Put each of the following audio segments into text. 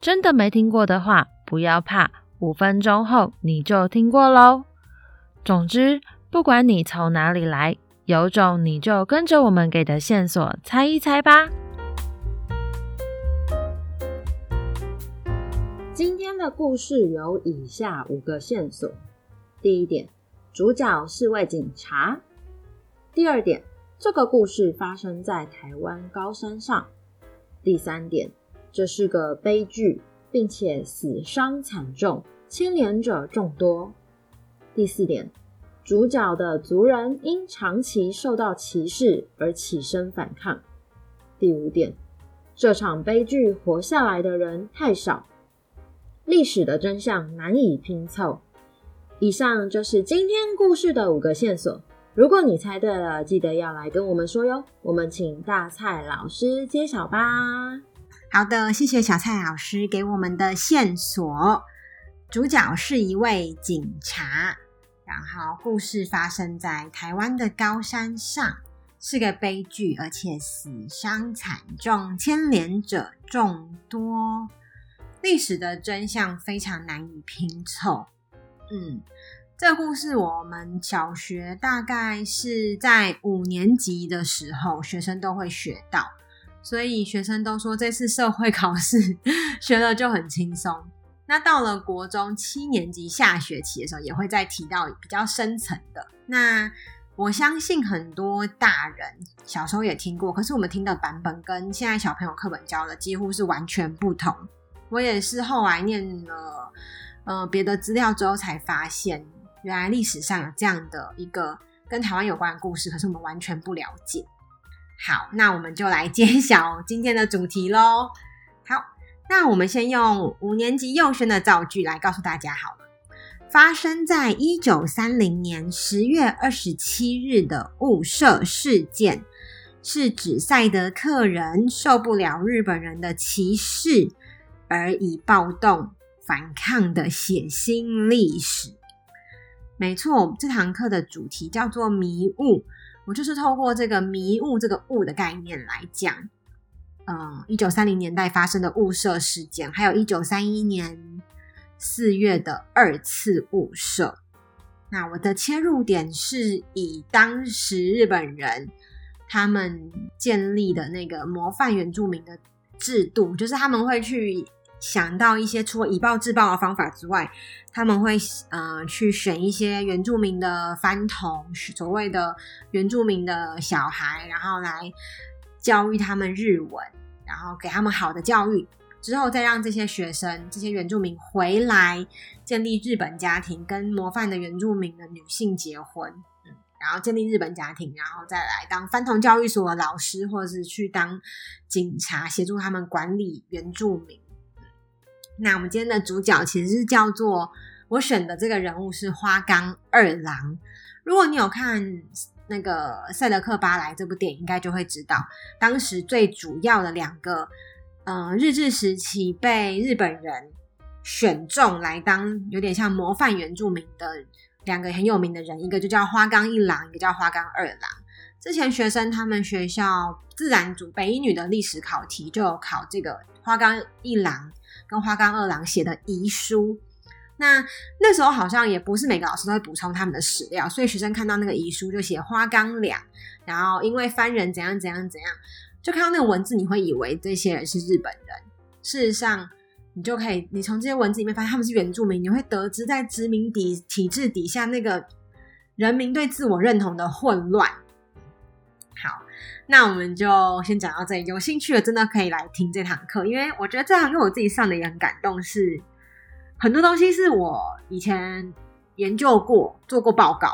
真的沒聽過的話，不要怕，五分鐘後你就聽過嘍。總之，不管你從哪裡來，有種你就跟着我們給的線索猜一猜吧。今天的故事有以下五個線索：第一點，主角是位警察；第二點，這個故事發生在台灣高山上；第三點，這是個悲劇，並且死傷慘重，牽連者眾多。第四點，主角的族人因長期受到歧視而起身反抗。第五點，這場悲劇活下來的人太少，歷史的真相難以拼湊。以上就是今天故事的五個線索。如果你猜對了，記得要來跟我們說喲。我們請大蔡老師揭曉吧。好的，謝謝小蔡老師給我們的線索。主角是一位警察，然後故事發生在台灣的高山上，是個悲劇，而且死傷慘重，牽連者眾多。歷史的真相非常難以拼湊。嗯，這故事我們小學大概是在五年級的時候，學生都會學到。所以學生都說這次社會考試學了就很輕鬆。那到了國中七年級下學期的時候，也會再提到比較深層的。那我相信很多大人小時候也聽過，可是我們聽的版本跟現在小朋友課本教的幾乎是完全不同。我也是後來念了呃別的資料之後，才發現原來歷史上有這樣的一個跟台灣有關的故事，可是我們完全不了解。好，那我們就來揭曉今天的主題嘍。好，那我們先用五年級幼萱的造句來告訴大家好了。發生在一九三零年十月二十七日的霧社事件，是指賽德克人受不了日本人的歧視而以暴動反抗的血腥歷史。沒錯，這堂課的主題叫做迷霧。我就是透過這個“迷霧”這個“霧”的概念來講，嗯、呃，一九三零年代發生的霧社事件，還有一九三一年四月的二次霧社。那我的切入點是以當時日本人他們建立的那個模範原住民的制度，就是他們會去。想到一些除了以暴制暴的方法之外，他們會呃去選一些原住民的番童，所謂的原住民的小孩，然後來教育他們日文，然後給他們好的教育，之後再讓這些學生、這些原住民回來建立日本家庭，跟模範的原住民的女性結婚，嗯，然後建立日本家庭，然後再來當番童教育所的老師，或者是去當警察，協助他們管理原住民。那我們今天的主角其實是叫做，我選的這個人物是花岡二郎。如果你有看那個《賽德克巴萊》這部電影，應該就會知道，當時最主要的兩個，嗯、呃，日治時期被日本人選中來當有點像模範原住民的兩個很有名的人，一個就叫花岡一郎，一個叫花岡二郎。之前學生他們學校自然組北一女的歷史考題就有考這個花岡一郎。跟花岡二郎寫的遺書，那那時候好像也不是每個老師都會補充他們的史料，所以學生看到那個遺書就寫花岡兩，然後因為番人怎樣怎樣怎樣，就看到那個文字，你會以為這些人是日本人，事實上你就可以，你從這些文字裡面發現他們是原住民，你會得知在殖民地體制底下那個人民對自我認同的混亂。好，那我們就先講到這裡。有興趣的，真的可以來聽這堂課，因為我覺得這堂課，我自己上的也很感動，是很多東西是我以前研究過、做過報告，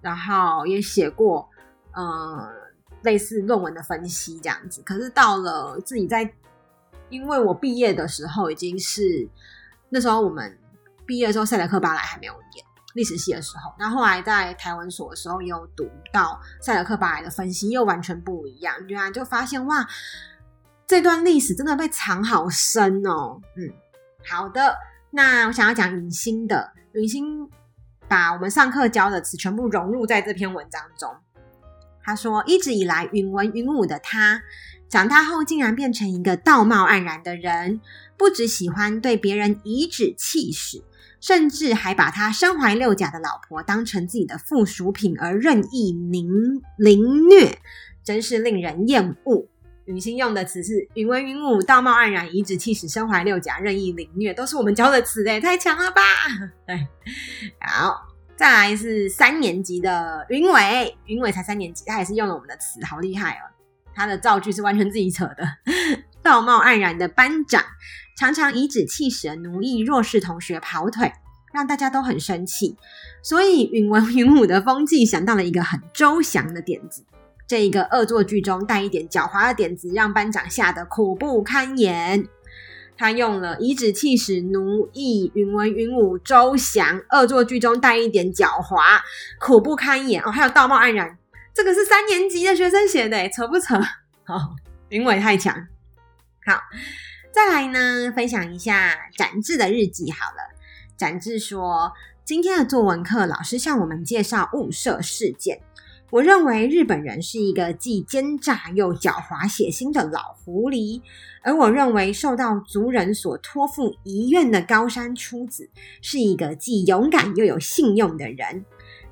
然後也寫過，嗯、呃，類似論文的分析這樣子。可是到了自己在，因為我畢業的時候已經是那時候我們畢業的時候，賽德克巴萊還沒有演。歷史系的時候，然後，後來在台文所的時候，又有讀到塞德克巴萊的分析，又完全不一樣。原來就發現哇，這段歷史真的被藏好深哦、喔。嗯，好的。那我想要講雲心的，雲心把我們上課教的詞全部融入在這篇文章中。他說，一直以來允文允武的他，長大後竟然變成一個道貌岸然的人，不只喜歡對別人頤指氣使。甚至還把他身懷六甲的老婆當成自己的附屬品而任意凌凌虐，真是令人厭惡。女星用的詞是“雲為雲母”，道貌岸然，頤指氣使，身懷六甲，任意凌虐，都是我們教的詞哎，太強了吧？對，好，再來是三年級的雲偉，雲偉才三年級，他也是用了我們的詞，好厲害哦、啊！他的造句是完全自己扯的，“道貌岸然”的班長。常常頤指氣使，奴役弱勢同學跑腿，讓大家都很生氣，所以允文允武的風紀想到了一個很周詳的點子，這一個惡作劇中帶一點狡猾的點子，讓班長嚇得苦不堪言。他用了頤指氣使，奴役、允文允武、周詳，惡作劇中帶一點狡猾，苦不堪言哦。還有道貌岸然，這個是三年級的學生寫的，扯不扯？好、哦，雲偉太強。好。再來呢，分享一下展志的日記好了。展志說，今天的作文課老師向我們介紹霧社事件。我認為日本人是一個既奸詐又狡猾、血腥的老狐狸，而我認為受到族人所托付遺願的高山初子是一個既勇敢又有信用的人。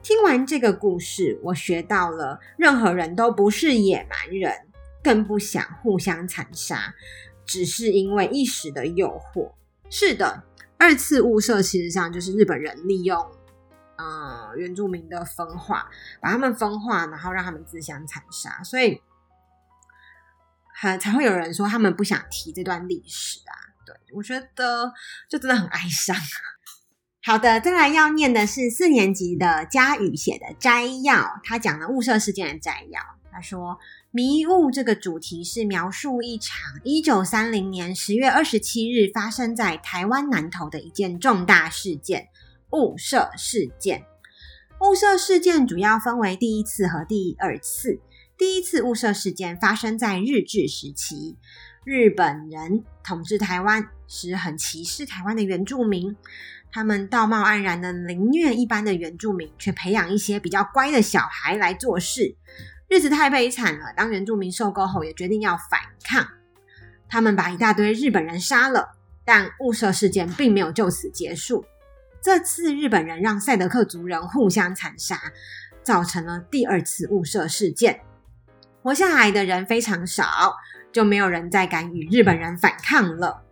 聽完這個故事，我學到了任何人都不是野蠻人，更不想互相殘殺。只是因為一時的誘惑，是的，二次霧社其實上就是日本人利用，嗯、呃，原住民的分化，把他們分化，然後讓他們自相殘殺，所以，很、呃、才會有人說他們不想提這段歷史啊。對，我覺得就真的很哀傷。好的，再來要念的是四年級的佳宇寫的摘要，他講了霧社事件的摘要，他說。迷霧這個主題是描述一場一九三零年十月二十七日發生在台灣南投的一件重大事件——霧社事件。霧社事件主要分為第一次和第二次。第一次霧社事件發生在日治時期，日本人統治台灣時很歧視台灣的原住民，他們道貌岸然的凌虐一般的原住民，卻培養一些比較乖的小孩來做事。日子太悲慘了，當原住民受夠後，也決定要反抗。他們把一大堆日本人殺了，但霧社事件並沒有就此結束。這次日本人讓賽德克族人互相殘殺，造成了第二次霧社事件。活下來的人非常少，就沒有人再敢與日本人反抗了。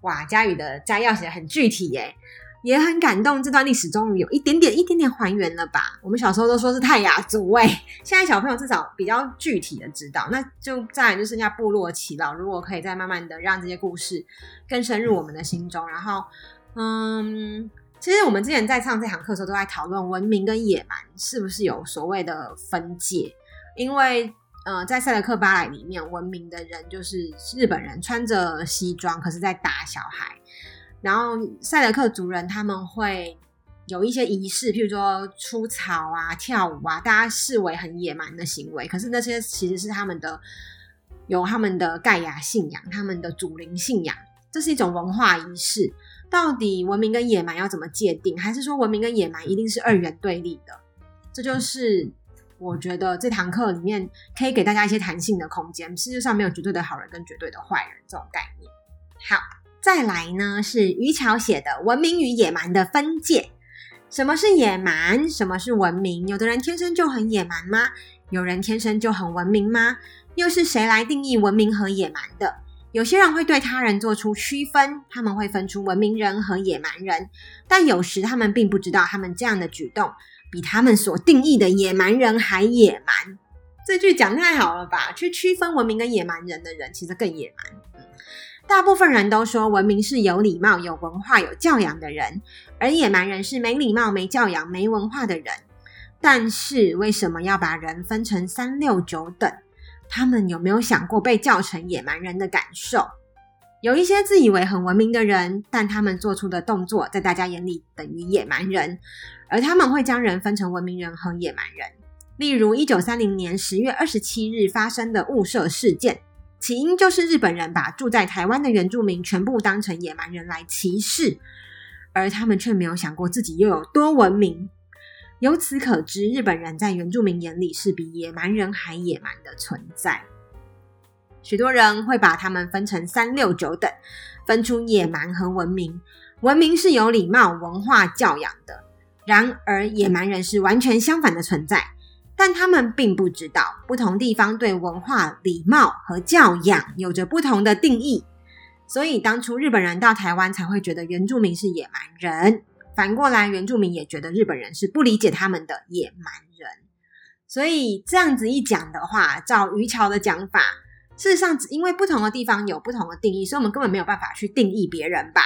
哇，嘉宇的摘要寫得很具體耶。也很感動，這段歷史終於有一點點、一點點還原了吧？我們小時候都說是泰雅族，衛，現在小朋友至少比較具體的知道。那就再來，就剩下，部落耆老，如果可以再慢慢的讓這些故事更深入我們的心中。然後，嗯，其實我們之前在上這堂課的時候都在討論文明跟野蠻是不是有所謂的分界，因為呃，在賽德克巴萊裡面，文明的人就是日本人穿着西裝，可是在打小孩。然後賽德克族人他們會有一些儀式，譬如說出草啊、跳舞啊，大家視為很野蠻的行為。可是那些其實是他們的有他們的蓋亞信仰、他們的祖靈信仰，這是一種文化儀式。到底文明跟野蠻要怎麼界定？還是說文明跟野蠻一定是二元對立的？這就是我覺得這堂課裡面可以給大家一些彈性的空間。世界上沒有絕對的好人跟絕對的壞人這種概念。好。再來呢，是於橋寫的《文明與野蠻的分界》。什麼是野蠻？什麼是文明？有的人天生就很野蠻嗎？有人天生就很文明嗎？又是誰來定義文明和野蠻的？有些人會對他人做出區分，他們會分出文明人和野蠻人，但有時他們並不知道，他們這樣的舉動比他們所定義的野蠻人還野蠻。這句講太好了吧？去區分文明跟野蠻人的人，其實更野蠻。大部分人都說，文明是有禮貌、有文化、有教養的人，而野蠻人是沒禮貌、沒教養、沒文化的人。但是，為什麼要把人分成三六九等？他們有沒有想過被叫成野蠻人的感受？有一些自以為很文明的人，但他們做出的動作在大家眼裡等於野蠻人，而他們會將人分成文明人和野蠻人。例如，一九三零年十月二十七日發生的霧社事件。起因就是日本人把住在台灣的原住民全部當成野蠻人來歧視，而他們卻沒有想過自己又有多文明。由此可知，日本人在原住民眼裡是比野蠻人還野蠻的存在。許多人會把他們分成三六九等，分出野蠻和文明。文明是有禮貌、文化教養的，然而野蠻人是完全相反的存在。但他們並不知道，不同地方對文化、禮貌和教養有着不同的定義，所以當初日本人到台灣才會覺得原住民是野蠻人，反過來原住民也覺得日本人是不理解他們的野蠻人。所以這樣子一講的話，照余橋的講法，事實上只因為不同的地方有不同的定義，所以我們根本沒有辦法去定義別人吧，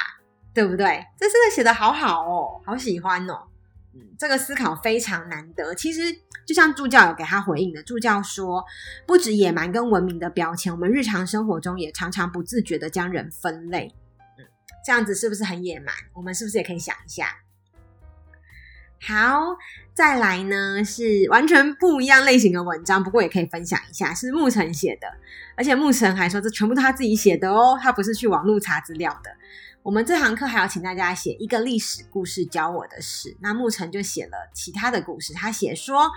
對不對？這真的寫得好好哦、喔，好喜歡哦、喔。嗯、這個思考非常難得。其實，就像助教有給他回應的，助教說，不止野蠻跟文明的標籤，我們日常生活中也常常不自覺的將人分類，嗯。這樣子是不是很野蠻？我們是不是也可以想一下？好，再來呢是完全不一樣類型的文章，不過也可以分享一下，是沐城寫的，而且沐城還說這全部是他自己寫的哦，他不是去網路查資料的。我們這堂課還要請大家寫一個歷史故事教我的事。那牧塵就寫了其他的故事。他寫說，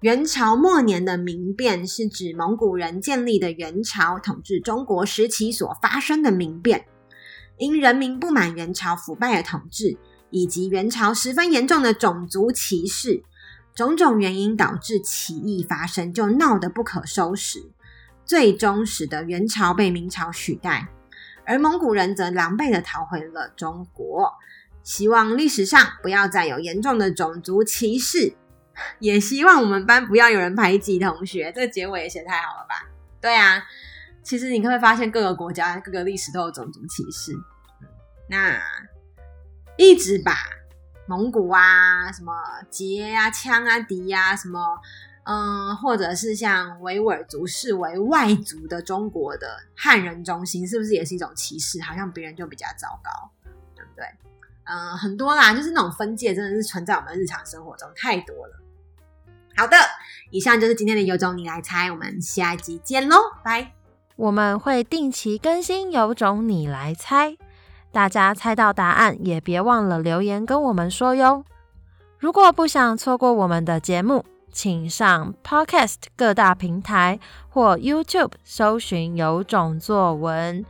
元朝末年的民變是指蒙古人建立的元朝統治中國時期所發生的民變，因人民不滿元朝腐敗的統治以及元朝十分嚴重的種族歧視，種種原因導致起義發生，就鬧得不可收拾，最終使得元朝被明朝取代。而蒙古人則狼狽的逃回了中國，希望歷史上不要再有嚴重的種族歧視，也希望我們班不要有人排擠同學。這個結尾也寫太好了吧？對啊，其實你會發現各個國家、各個歷史都有種族歧視，那一直把蒙古啊、什麼羯啊、羌啊、氐啊什麼。嗯、呃，或者是像維吾爾族視為外族的中國的漢人中心，是不是也是一種歧視？好像別人就比較糟糕，對不對？嗯、呃，很多啦，就是那種分界真的是存在我們日常生活中太多了。好的，以上就是今天的有種你來猜，我們下一集見嘍，拜！我們會定期更新有種你來猜，大家猜到答案也別忘了留言跟我們說喲。如果不想錯過我們的節目。請上 Podcast 各大平台或 YouTube 搜尋“有種作文”，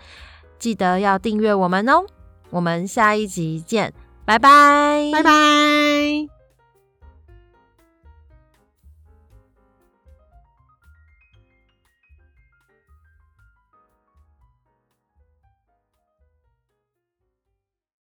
記得要訂閱我們哦！我們下一集見，拜拜！拜拜。